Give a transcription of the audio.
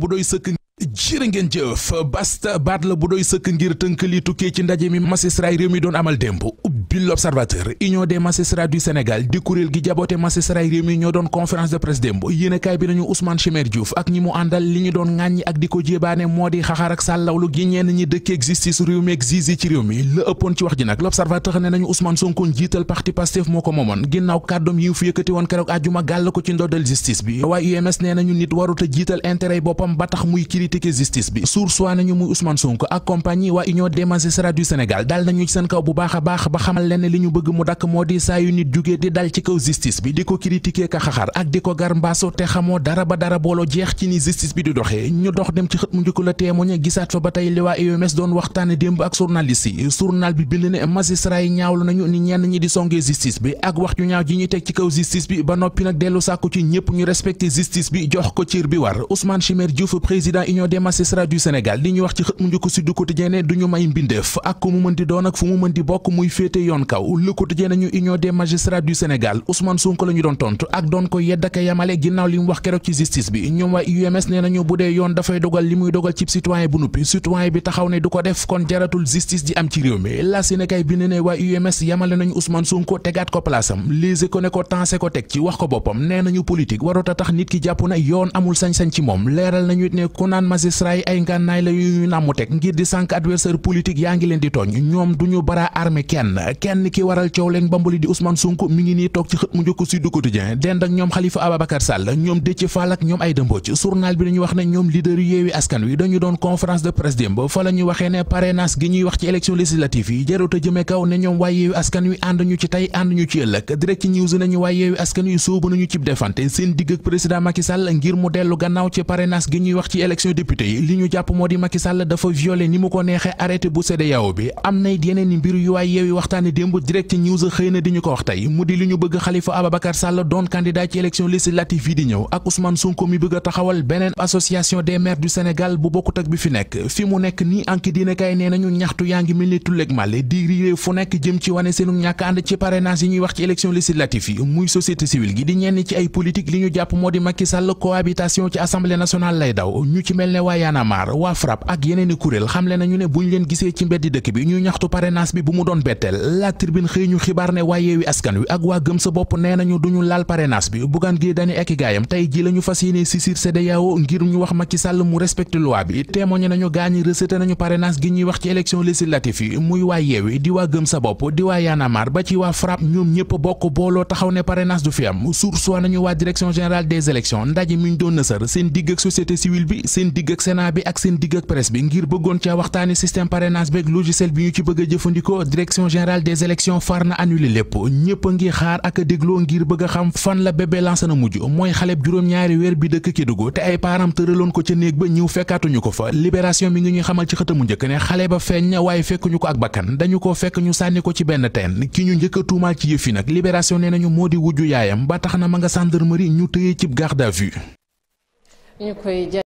bu doy sëkk jërë ngeen jëf basta baat la bu doy sëkk ngir tënk li tukkee ci ndaje mi magistrat réew mi doon amal démb ubbi l'observateur union des magistrats du Sénégal di kuréel gi jaboote magistrat yi réew mi ñoo doon conférence de presse démb yéenekaay bi nañu Ousmane Chimère Diouf ak ñi mu àndal li ñu doon ŋàññi ak di ko jébaane moo di xaxar ak sàllawlu gi ñenn ñi dëkkeeg justice réew mi ak juge ci réew mi la ëppoon ci wax ji nag l'observateur ne nañu Ousmane Sonko jiital parti Pastef moo ko moomoon ginnaaw kàddoom yi fi yëkkati woon keroog àjjuma gàll ko ci ndoddal justice bi waaye UMS nee nañu nit warut a jiital intérêt yi boppam ba tax muy critiquer justice bi source nañu muy Ousmane Sonko ak compagnie waa union des magistrats du Sénégal dal nañu ci seen kaw bu baax a baax ba xamal xamal leen ne li ñu bëgg mu dakk moo di saa yu nit jugee di dal ci kaw justice bi di ko critiquer ka xaxar ak di ko gar mbaaso te xamoo dara ba dara booloo jeex ci ni justice bi di doxee ñu dox dem ci xët mu njëkk la témoigné gisaat e ñi di songee justice bi ak wax ju ñaaw ji ñuy teg ci kaw justice bi ba noppi nag dellu sàkku ci ñëpp ñu respecté justice bi jox ko cër bi war Ousmane Chimère Diouf président union des magistrats du Sénégal li ñu wax ci xët mu njëkk si yoon kaw Le Quotidien ne kon jaratul justice di am ci réew mi la Sénégal bi ne ne waa UMS yamale nañu Ousmane Sonko tegaat ko palaasam lise ko ne ko ko teg ci wax ko boppam nee nañu politique warut a tax nit ki jàpp na yoon amul sañ-sañ ci moom leeral nañu ne ku naan magistrat yi ay ngànnaay la nàmmu teg ngir di sànk adversaire politique yaa ngi leen di tooñ ñoom duñu bara armé kenn kenn ki waral coow leen bambali di Ousmane Sonko mi ngi nii toog ci xët mu njëkk Sud Quotidien dend ñoom Khalifa Ababacar Sall ñoom Déthié Fall ak ñoom Aïda Mbodj journal bi wax ne ñoom leader yu Yewwi Askan de presse fa la waxee ne parrainage gi ñuy wax ci élection législative yi jarut jëme kaw ne ñoom waaye Yewwi Askan Wi ànd ñu ci tey ànd ñu ci ëllëg direct news nañu waaye Yewwi Askan Wi sóobu nañu cib defante seen digg président Macky Sall ngir mu dellu gannaaw ni démb direct news xëy na di ñu ko wax tey mu di li ñu bëgg Khalifa Ababacar Sall doon candidat ci élection législative yi di ñëw ak Ousmane Sonko mi bëgg taxawal beneen association des maires du Sénégal bu bokkut ak bi fi nekk fi mu nekk nii anki dina nee nañu ñaxtu yaa ngi mel ni tulleeg màlle di riirée fu nekk jëm ci wane seenu ñàkk ànd ci parrainage yi ñuy wax ci élection législative yi muy société civile gi di ñenn ci ay politique li ñu jàpp moo d Macky Sall cohabitation ci la tribune xëy ñu xibaar ne waa yeewi askan wi ak waa gëm sa bopp nee nañu duñu laal parrainage bi Bougane Gueye Dany ak gaayam tey ji la fas yéene saisir CEDEAO ngir ñu wax Macky Sall mu respecte loi bi témoigné nañu gaañi rejeté nañu parrainage gi ñuy wax ci élection législative yi muy waa yeewi di waa gëm sa bopp di waa yaanamar ba ci waa FRAPP ñoom ñëpp bokk booloo taxaw ne parrainage du fi am sursoi nañu waa direction générale des élections ndaje a jëfandikoo nationale des élections far na annulé lépp ñëpp ngi xaar ak a ngir bëgg xam fan la bébé Lansana mujj mooy xaleb juróom-ñaari weer bi dëkk Kédougou te ay param tëraloon ko ca néeg ba ñëw fekkaatuñu ko fa libération mi ngi ñuy xamal ci xëtamu njëkk ne xale ba feeñ na waaye fekkuñu ko ak bakkan dañu ko fekk ñu sànni ko ci benn teen ki ñu njëkk a tuumaal ci yëf yi nag libération nee nañu moo di wujju yaayam ba tax na ma nga gendarmerie ñu tëye cib garde à vue